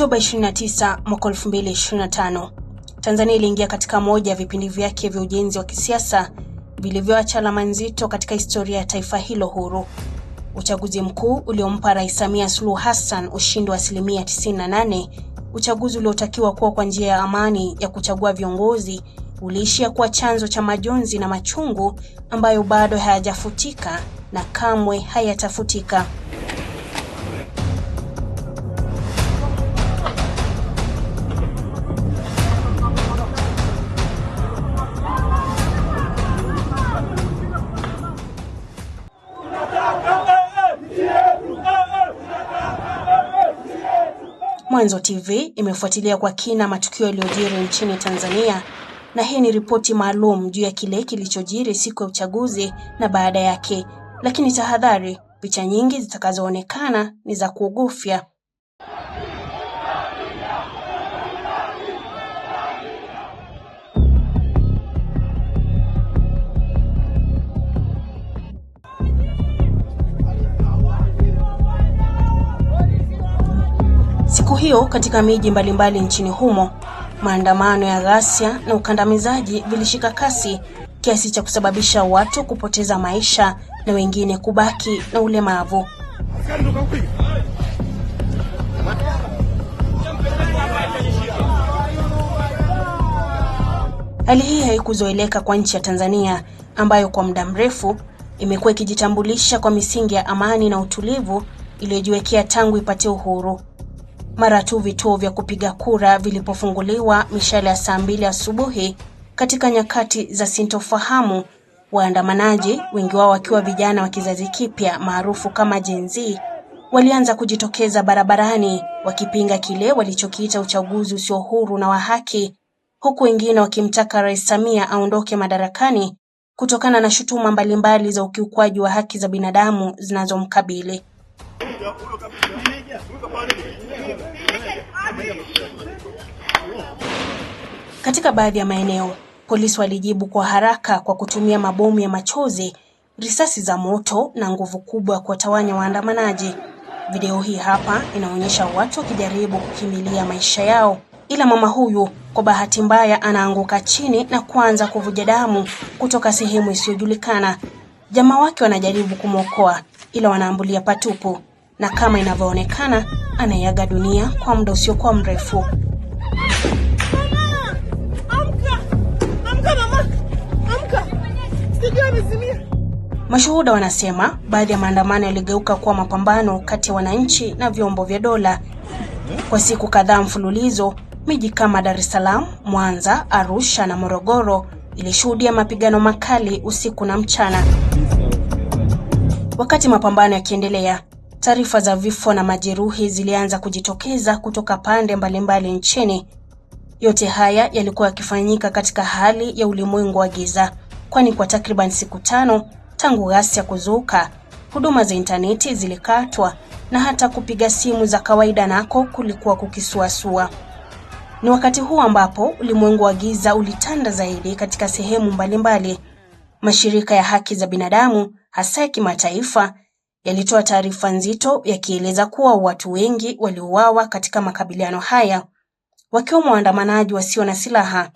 Oktoba 29 mwaka 2025, Tanzania iliingia katika moja ya vipindi vyake vya ujenzi wa kisiasa vilivyoacha alama nzito katika historia ya taifa hilo huru. Uchaguzi mkuu uliompa Rais Samia Suluhu Hassan ushindi wa asilimia 98, uchaguzi uliotakiwa kuwa kwa njia ya amani ya kuchagua viongozi, uliishia kuwa chanzo cha majonzi na machungu ambayo bado hayajafutika na kamwe hayatafutika. Mwanzo TV imefuatilia kwa kina matukio yaliyojiri nchini Tanzania na hii ni ripoti maalum juu ya kile kilichojiri siku ya uchaguzi na baada yake. Lakini tahadhari, picha nyingi zitakazoonekana ni za kuogofya hiyo katika miji mbalimbali nchini humo, maandamano ya ghasia na ukandamizaji vilishika kasi kiasi cha kusababisha watu kupoteza maisha na wengine kubaki na ulemavu. Hali hii haikuzoeleka kwa nchi ya Tanzania ambayo kwa muda mrefu imekuwa ikijitambulisha kwa misingi ya amani na utulivu iliyojiwekea tangu ipatie uhuru. Mara tu vituo vya kupiga kura vilipofunguliwa mishale ya saa mbili asubuhi katika nyakati za sintofahamu, waandamanaji, wengi wao wakiwa vijana wa kizazi kipya maarufu kama jenzi walianza kujitokeza barabarani wakipinga kile walichokiita uchaguzi usio huru na wa haki, huku wengine wakimtaka Rais Samia aondoke madarakani kutokana na shutuma mbalimbali za ukiukwaji wa haki za binadamu zinazomkabili. Katika baadhi ya maeneo, polisi walijibu kwa haraka kwa kutumia mabomu ya machozi, risasi za moto na nguvu kubwa ya kuwatawanya waandamanaji. Video hii hapa inaonyesha watu wakijaribu kukimilia maisha yao, ila mama huyu kwa bahati mbaya anaanguka chini na kuanza kuvuja damu kutoka sehemu isiyojulikana. Jamaa wake wanajaribu kumwokoa, ila wanaambulia patupu, na kama inavyoonekana anayaga dunia kwa muda usiokuwa mrefu. Mashuhuda wanasema baadhi ya maandamano yaligeuka kuwa mapambano kati ya wananchi na vyombo vya dola. Kwa siku kadhaa mfululizo, miji kama Dar es Salaam, Mwanza, Arusha na Morogoro ilishuhudia mapigano makali usiku na mchana. Wakati mapambano yakiendelea, taarifa za vifo na majeruhi zilianza kujitokeza kutoka pande mbalimbali nchini. Yote haya yalikuwa yakifanyika katika hali ya ulimwengu wa giza kwani kwa takriban siku tano tangu ghasia kuzuka, huduma za intaneti zilikatwa na hata kupiga simu za kawaida nako kulikuwa kukisuasua. Ni wakati huu ambapo ulimwengu wa giza ulitanda zaidi katika sehemu mbalimbali mbali. Mashirika ya haki za binadamu hasa ya kimataifa yalitoa taarifa nzito yakieleza kuwa watu wengi waliuawa katika makabiliano haya, wakiwemo waandamanaji wasio na silaha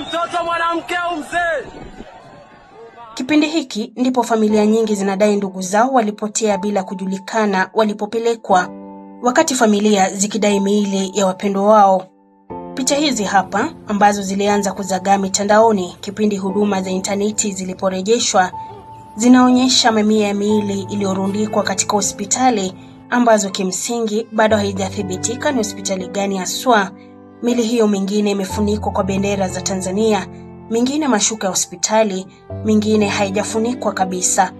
mtoto, mwanamke au mzee. Kipindi hiki ndipo familia nyingi zinadai ndugu zao walipotea bila kujulikana walipopelekwa, wakati familia zikidai miili ya wapendwa wao. Picha hizi hapa ambazo zilianza kuzagaa mitandaoni kipindi huduma za intaneti ziliporejeshwa zinaonyesha mamia ya miili iliyorundikwa katika hospitali ambazo kimsingi bado haijathibitika ni hospitali gani haswa Mili hiyo mingine imefunikwa kwa bendera za Tanzania, mingine mashuka ya hospitali, mingine haijafunikwa kabisa.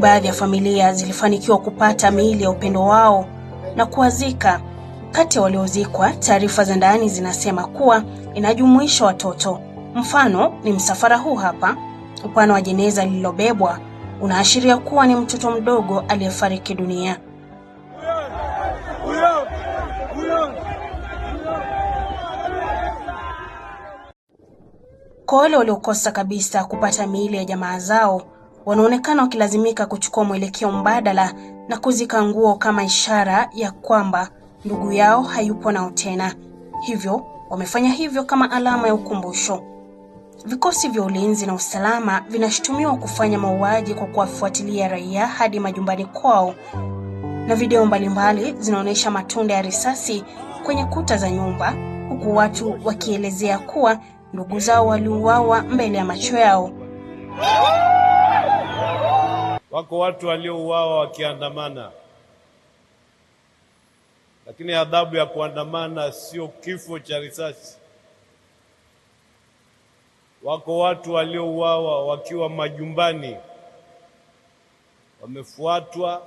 baadhi ya familia zilifanikiwa kupata miili ya upendo wao na kuwazika. Kati ya waliozikwa, taarifa za ndani zinasema kuwa inajumuisha watoto. Mfano ni msafara huu hapa. Upana wa jeneza lililobebwa unaashiria kuwa ni mtoto mdogo aliyefariki dunia. Kwa wale waliokosa kabisa kupata miili ya jamaa zao wanaonekana wakilazimika kuchukua mwelekeo mbadala na kuzika nguo kama ishara ya kwamba ndugu yao hayupo nao tena, hivyo wamefanya hivyo kama alama ya ukumbusho. Vikosi vya ulinzi na usalama vinashutumiwa kufanya mauaji kwa kuwafuatilia raia hadi majumbani kwao, na video mbalimbali zinaonyesha matunda ya risasi kwenye kuta za nyumba, huku watu wakielezea kuwa ndugu zao waliuawa mbele ya macho yao. Wako watu waliouawa wakiandamana, lakini adhabu ya kuandamana sio kifo cha risasi. Wako watu waliouawa wakiwa majumbani, wamefuatwa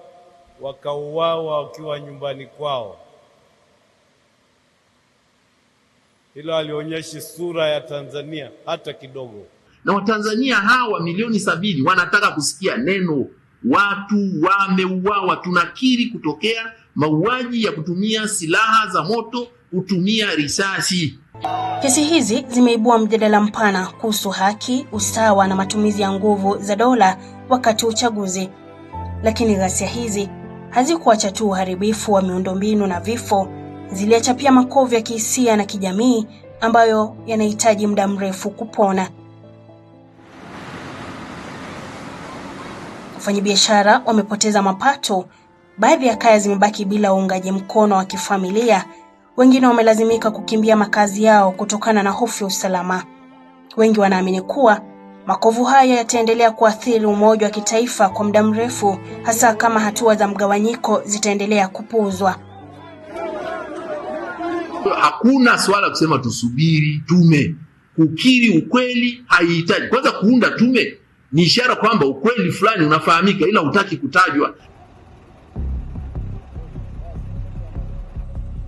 wakauawa wakiwa nyumbani kwao. Hilo alionyeshi sura ya Tanzania hata kidogo na Watanzania hawa milioni sabini wanataka kusikia neno. Watu wameuawa, tunakiri kutokea mauaji ya kutumia silaha za moto, kutumia risasi. Kesi hizi zimeibua mjadala mpana kuhusu haki, usawa na matumizi ya nguvu za dola wakati wa uchaguzi. Lakini ghasia hizi hazikuacha tu uharibifu wa miundombinu na vifo, ziliacha pia makovu ya kihisia na kijamii ambayo yanahitaji muda mrefu kupona. Wafanyabiashara wamepoteza mapato, baadhi ya kaya zimebaki bila uungaji mkono wa kifamilia, wengine wamelazimika kukimbia makazi yao kutokana na hofu ya usalama. Wengi wanaamini kuwa makovu haya yataendelea kuathiri umoja wa kitaifa kwa muda mrefu, hasa kama hatua za mgawanyiko zitaendelea kupuuzwa. Hakuna swala kusema tusubiri tume. Kukiri ukweli haihitaji kwanza kuunda tume ni ishara kwamba ukweli fulani unafahamika, ila hutaki kutajwa.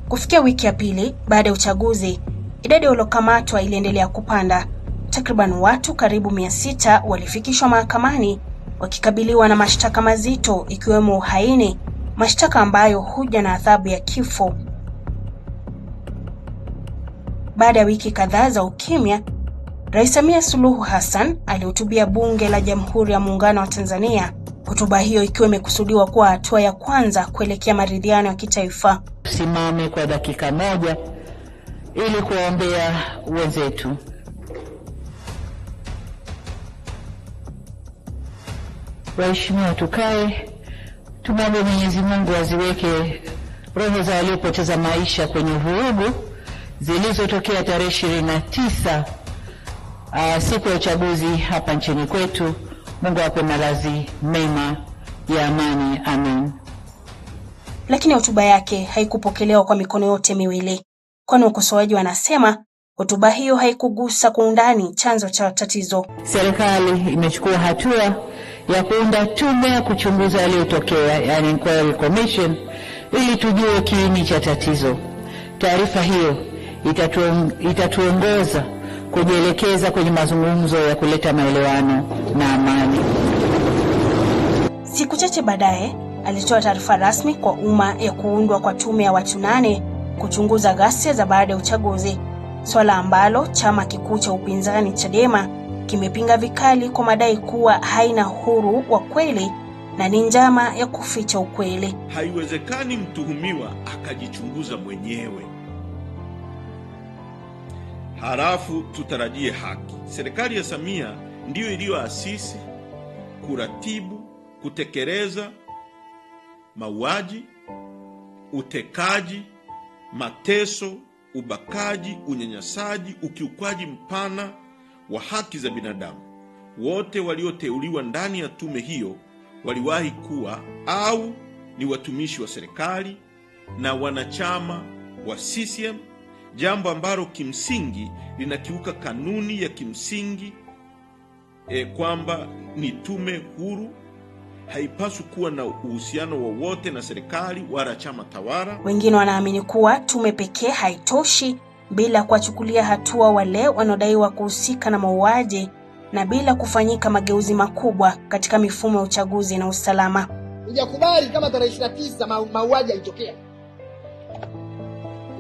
Kufikia wiki ya pili baada ya uchaguzi, idadi ya waliokamatwa iliendelea kupanda. Takriban watu karibu mia sita walifikishwa mahakamani wakikabiliwa na mashtaka mazito ikiwemo uhaini, mashtaka ambayo huja na adhabu ya kifo. Baada ya wiki kadhaa za ukimya, Rais Samia Suluhu Hassan alihutubia Bunge la Jamhuri ya Muungano wa Tanzania, hotuba hiyo ikiwa imekusudiwa kuwa hatua ya kwanza kuelekea maridhiano ya kitaifa. Simame kwa dakika moja ili kuwaombea wenzetu. Waheshimiwa, tukae tumwombe Mwenyezi Mungu aziweke roho za waliopoteza maisha kwenye vurugu zilizotokea tarehe 29 uh, siku ya uchaguzi hapa nchini kwetu. Mungu awape malazi mema ya amani, amen. Lakini hotuba yake haikupokelewa kwa mikono yote miwili, kwani wakosoaji wanasema hotuba hiyo haikugusa kwa undani chanzo cha tatizo. Serikali imechukua hatua ya kuunda tume ya kuchunguza yaliyotokea, yani inquiry commission, ili tujue kiini cha tatizo. Taarifa hiyo itatuongoza kujielekeza kwenye mazungumzo ya kuleta maelewano na amani. Siku chache baadaye alitoa taarifa rasmi kwa umma ya kuundwa kwa tume ya watu nane kuchunguza ghasia za baada ya uchaguzi, swala ambalo chama kikuu cha upinzani Chadema kimepinga vikali kwa madai kuwa haina huru wa kweli na ni njama ya kuficha ukweli. Haiwezekani mtuhumiwa akajichunguza mwenyewe halafu tutarajie haki. Serikali ya Samia ndiyo iliyoasisi, kuratibu, kutekeleza mauaji, utekaji, mateso, ubakaji, unyanyasaji, ukiukwaji mpana wa haki za binadamu. Wote walioteuliwa ndani ya tume hiyo waliwahi kuwa au ni watumishi wa serikali na wanachama wa CCM jambo ambalo kimsingi linakiuka kanuni ya kimsingi e, kwamba ni tume huru haipaswi kuwa na uhusiano wowote na serikali wala chama tawala. Wengine wanaamini kuwa tume pekee haitoshi bila kuwachukulia hatua wale wanaodaiwa kuhusika na mauaji na bila kufanyika mageuzi makubwa katika mifumo ya uchaguzi na usalama. Hujakubali kama tarehe 29 mauaji yalitokea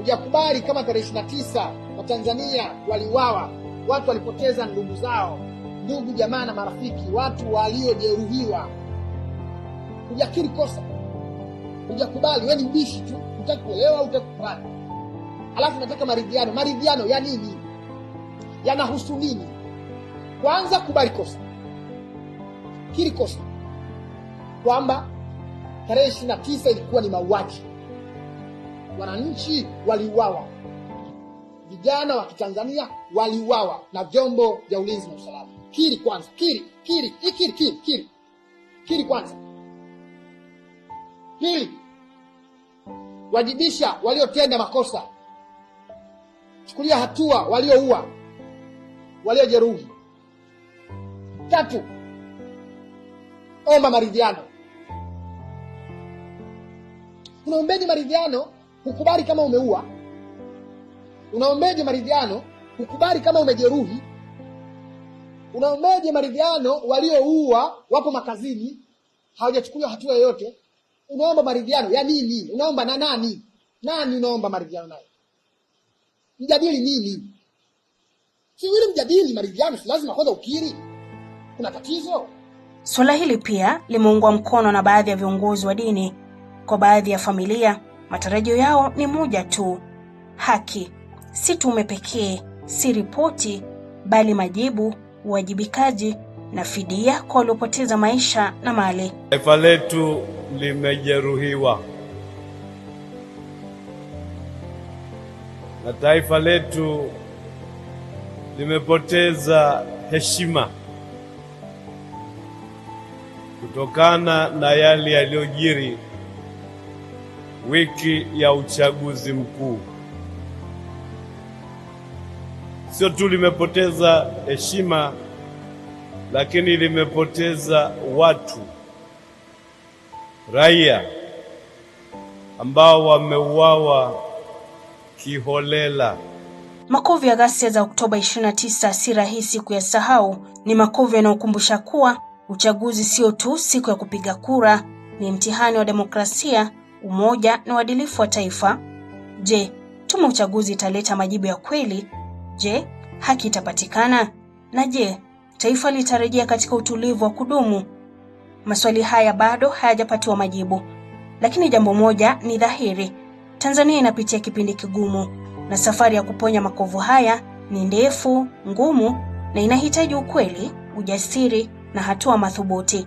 Hujakubali kama tarehe 29 Watanzania waliuawa, watu walipoteza ndugu zao, ndugu jamaa na marafiki, watu waliojeruhiwa. Hujakiri kosa, hujakubali. Wewe ni ubishi tu, hutaki kuelewa, hutaki Alafu nataka maridhiano. Maridhiano ya nini? Yanahusu nini? Kwanza kubali kosa, kiri kosa kwamba tarehe 29 ilikuwa ni mauaji wananchi waliuawa, vijana wa Kitanzania waliuawa na vyombo vya ulinzi na usalama. Kiri kwanza, kiri kiri kiri kiri kiri kiri kwanza. Pili, wajibisha waliotenda makosa, chukulia hatua walioua, waliojeruhi. Tatu, omba maridhiano. Unaombeni maridhiano hukubali kama umeua. Unaombeje maridhiano? kukubali kama umejeruhi. Unaombeje maridhiano? Walioua wapo makazini, hawajachukuliwa hatua yoyote. Unaomba maridhiano ya nini? Unaomba na nani? Nani unaomba maridhiano naye? Mjadili nini? Si ili mjadili maridhiano, si lazima kwanza ukiri kuna tatizo. Suala hili pia limeungwa mkono na baadhi ya viongozi wa dini kwa baadhi ya familia Matarajio yao ni moja tu: haki, si tume pekee, si ripoti, bali majibu, uwajibikaji na fidia kwa waliopoteza maisha na mali. Taifa letu limejeruhiwa na taifa letu limepoteza heshima kutokana na yale yaliyojiri wiki ya uchaguzi mkuu. Sio tu limepoteza heshima, lakini limepoteza watu, raia ambao wameuawa kiholela. Makovu ya ghasia za Oktoba 29 si rahisi kuyasahau. Ni makovu yanayokumbusha kuwa uchaguzi sio tu siku ya kupiga kura, ni mtihani wa demokrasia umoja na uadilifu wa taifa? Je, tume uchaguzi italeta majibu ya kweli? Je, haki itapatikana? Na je, taifa litarejea katika utulivu wa kudumu? Maswali haya bado hayajapatiwa majibu, lakini jambo moja ni dhahiri: Tanzania inapitia kipindi kigumu, na safari ya kuponya makovu haya ni ndefu, ngumu na inahitaji ukweli, ujasiri na hatua madhubuti.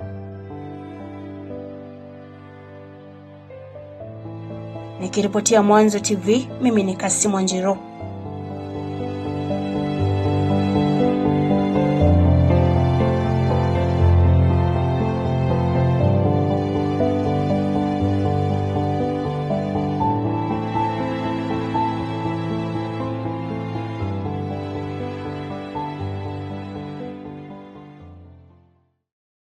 Nikiripotia Mwanzo TV, mimi ni Kassimwa Njiro.